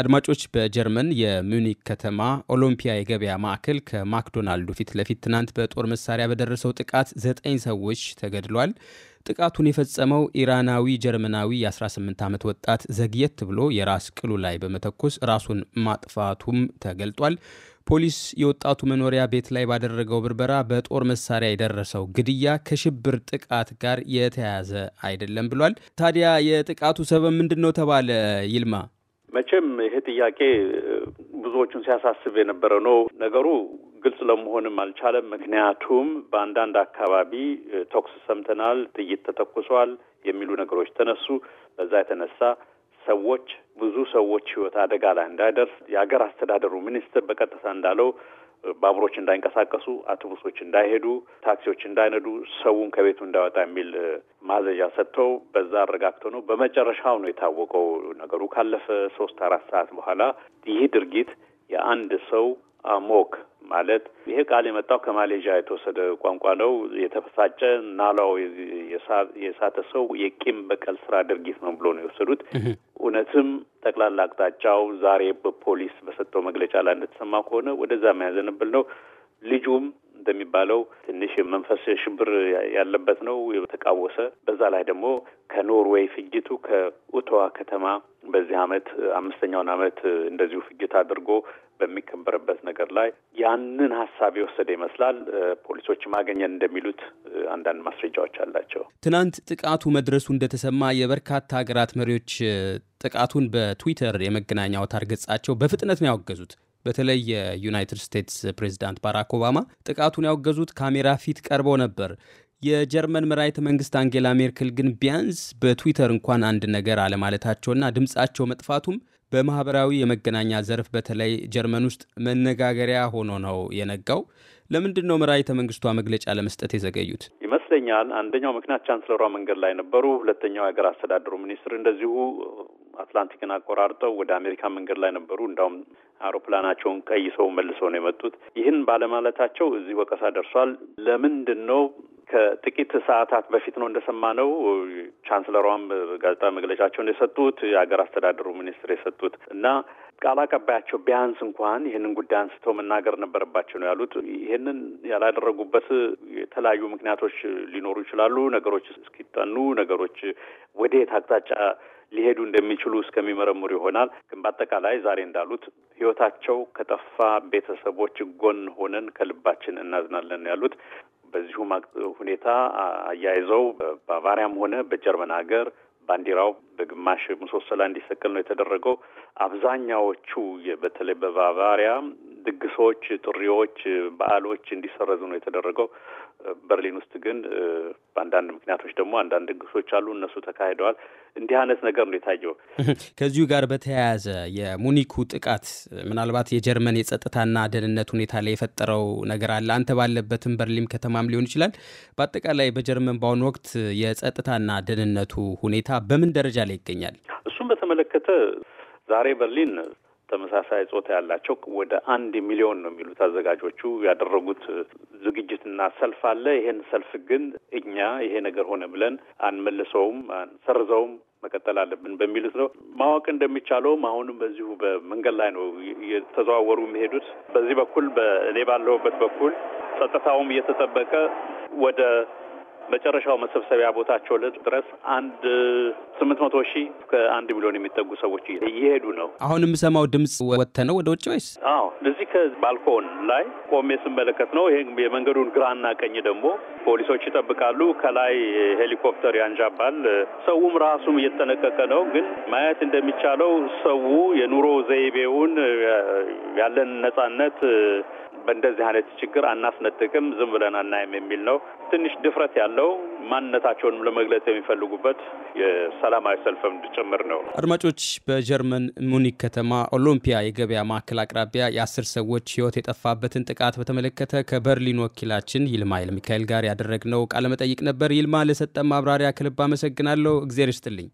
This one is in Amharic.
አድማጮች በጀርመን የሙኒክ ከተማ ኦሎምፒያ የገበያ ማዕከል ከማክዶናልዱ ፊት ለፊት ትናንት በጦር መሳሪያ በደረሰው ጥቃት ዘጠኝ ሰዎች ተገድሏል። ጥቃቱን የፈጸመው ኢራናዊ ጀርመናዊ የ18 ዓመት ወጣት ዘግየት ብሎ የራስ ቅሉ ላይ በመተኮስ ራሱን ማጥፋቱም ተገልጧል። ፖሊስ የወጣቱ መኖሪያ ቤት ላይ ባደረገው ብርበራ በጦር መሳሪያ የደረሰው ግድያ ከሽብር ጥቃት ጋር የተያያዘ አይደለም ብሏል። ታዲያ የጥቃቱ ሰበብ ምንድን ነው ተባለ? ይልማ መቼም ይሄ ጥያቄ ብዙዎቹን ሲያሳስብ የነበረ ነው። ነገሩ ግልጽ ለመሆንም አልቻለም። ምክንያቱም በአንዳንድ አካባቢ ተኩስ ሰምተናል፣ ጥይት ተተኩሷል የሚሉ ነገሮች ተነሱ። በዛ የተነሳ ሰዎች ብዙ ሰዎች ህይወት አደጋ ላይ እንዳይደርስ የሀገር አስተዳደሩ ሚኒስትር በቀጥታ እንዳለው ባቡሮች እንዳይንቀሳቀሱ፣ አውቶቡሶች እንዳይሄዱ፣ ታክሲዎች እንዳይነዱ፣ ሰውን ከቤቱ እንዳይወጣ የሚል ማዘዣ ሰጥተው በዛ አረጋግተው ነው። በመጨረሻው ነው የታወቀው ነገሩ ካለፈ ሶስት አራት ሰዓት በኋላ ይህ ድርጊት የአንድ ሰው አሞክ ማለት ይሄ ቃል የመጣው ከማሌዥያ የተወሰደ ቋንቋ ነው። የተፈሳጨ ናላው የሳተ ሰው የቂም በቀል ስራ ድርጊት ነው ብሎ ነው የወሰዱት። እውነትም ጠቅላላ አቅጣጫው ዛሬ በፖሊስ በሰጠው መግለጫ ላይ እንደተሰማ ከሆነ ወደዛ የሚያዘንብል ነው። ልጁም እንደሚባለው ትንሽ መንፈስ ሽብር ያለበት ነው የተቃወሰ። በዛ ላይ ደግሞ ከኖርዌይ ፍጅቱ ከኡቶዋ ከተማ በዚህ አመት አምስተኛውን አመት እንደዚሁ ፍጅት አድርጎ በሚከበርበት ነገር ላይ ያንን ሀሳብ የወሰደ ይመስላል። ፖሊሶች ማገኘን እንደሚሉት አንዳንድ ማስረጃዎች አላቸው። ትናንት ጥቃቱ መድረሱ እንደተሰማ የበርካታ ሀገራት መሪዎች ጥቃቱን በትዊተር የመገናኛ አውታር ገጻቸው በፍጥነት ነው ያወገዙት። በተለይ የዩናይትድ ስቴትስ ፕሬዚዳንት ባራክ ኦባማ ጥቃቱን ያወገዙት ካሜራ ፊት ቀርበው ነበር። የጀርመን መራሒተ መንግስት አንጌላ ሜርክል ግን ቢያንስ በትዊተር እንኳን አንድ ነገር አለማለታቸውና ድምፃቸው መጥፋቱም በማህበራዊ የመገናኛ ዘርፍ በተለይ ጀርመን ውስጥ መነጋገሪያ ሆኖ ነው የነጋው። ለምንድን ነው መራሒተ መንግስቷ መግለጫ ለመስጠት የዘገዩት ይመስለኛል? አንደኛው ምክንያት ቻንስለሯ መንገድ ላይ ነበሩ። ሁለተኛው የሀገር አስተዳደሩ ሚኒስትር እንደዚሁ አትላንቲክን አቆራርጠው ወደ አሜሪካ መንገድ ላይ ነበሩ። እንዳውም አውሮፕላናቸውን ቀይሰው መልሰው ነው የመጡት። ይህን ባለማለታቸው እዚህ ወቀሳ ደርሷል። ለምንድን ነው ከጥቂት ሰዓታት በፊት ነው እንደሰማነው ቻንስለሯም ጋዜጣዊ መግለጫቸውን የሰጡት የሀገር አስተዳደሩ ሚኒስትር የሰጡት እና ቃል አቀባያቸው ቢያንስ እንኳን ይህንን ጉዳይ አንስተው መናገር ነበረባቸው ነው ያሉት። ይህንን ያላደረጉበት የተለያዩ ምክንያቶች ሊኖሩ ይችላሉ። ነገሮች እስኪጠኑ፣ ነገሮች ወዴት አቅጣጫ ሊሄዱ እንደሚችሉ እስከሚመረምሩ ይሆናል። ግን በአጠቃላይ ዛሬ እንዳሉት ሕይወታቸው ከጠፋ ቤተሰቦች ጎን ሆነን ከልባችን እናዝናለን ያሉት በዚሁ ሁኔታ አያይዘው በባቫሪያም ሆነ በጀርመን ሀገር ባንዲራው በግማሽ ምሰሶ ላይ እንዲሰቀል ነው የተደረገው። አብዛኛዎቹ በተለይ በባቫሪያ ድግሶች፣ ጥሪዎች፣ በዓሎች እንዲሰረዙ ነው የተደረገው። በርሊን ውስጥ ግን በአንዳንድ ምክንያቶች ደግሞ አንዳንድ ድግሶች አሉ፣ እነሱ ተካሂደዋል። እንዲህ አይነት ነገር ነው የታየው። ከዚሁ ጋር በተያያዘ የሙኒኩ ጥቃት ምናልባት የጀርመን የጸጥታና ደህንነት ሁኔታ ላይ የፈጠረው ነገር አለ። አንተ ባለበትም በርሊም ከተማም ሊሆን ይችላል። በአጠቃላይ በጀርመን በአሁኑ ወቅት የጸጥታና ደህንነቱ ሁኔታ በምን ደረጃ ላይ ይገኛል? እሱም በተመለከተ ዛሬ በርሊን ተመሳሳይ ጾታ ያላቸው ወደ አንድ ሚሊዮን ነው የሚሉት አዘጋጆቹ ያደረጉት ዝግጅትና ሰልፍ አለ። ይሄን ሰልፍ ግን እኛ ይሄ ነገር ሆነ ብለን አንመልሰውም፣ አንሰርዘውም መቀጠል አለብን በሚሉት ነው። ማወቅ እንደሚቻለውም አሁንም በዚሁ በመንገድ ላይ ነው እየተዘዋወሩ የሚሄዱት። በዚህ በኩል በእኔ ባለሁበት በኩል ጸጥታውም እየተጠበቀ ወደ መጨረሻው መሰብሰቢያ ቦታቸው ድረስ አንድ ስምንት መቶ ሺህ እስከ አንድ ሚሊዮን የሚጠጉ ሰዎች እየሄዱ ነው። አሁን የምሰማው ድምፅ ወጥተ ነው ወደ ውጭ ወይስ? አዎ እዚህ ከባልኮን ላይ ቆሜ ስመለከት ነው። ይሄ የመንገዱን ግራና ቀኝ ደግሞ ፖሊሶች ይጠብቃሉ። ከላይ ሄሊኮፕተር ያንዣባል። ሰውም ራሱም እየተጠነቀቀ ነው። ግን ማየት እንደሚቻለው ሰው የኑሮ ዘይቤውን ያለን ነጻነት በእንደዚህ አይነት ችግር አናስነጥቅም፣ ዝም ብለን አናይም የሚል ነው። ትንሽ ድፍረት ያለው ማንነታቸውንም ለመግለጽ የሚፈልጉበት የሰላማዊ ሰልፍም ጭምር ነው። አድማጮች፣ በጀርመን ሙኒክ ከተማ ኦሎምፒያ የገበያ ማዕከል አቅራቢያ የአስር ሰዎች ህይወት የጠፋበትን ጥቃት በተመለከተ ከበርሊን ወኪላችን ይልማ ሚካኤል ጋር ያደረግነው ቃለመጠይቅ ነበር። ይልማ ለሰጠ ማብራሪያ ከልብ አመሰግናለሁ። እግዜር ይስጥልኝ።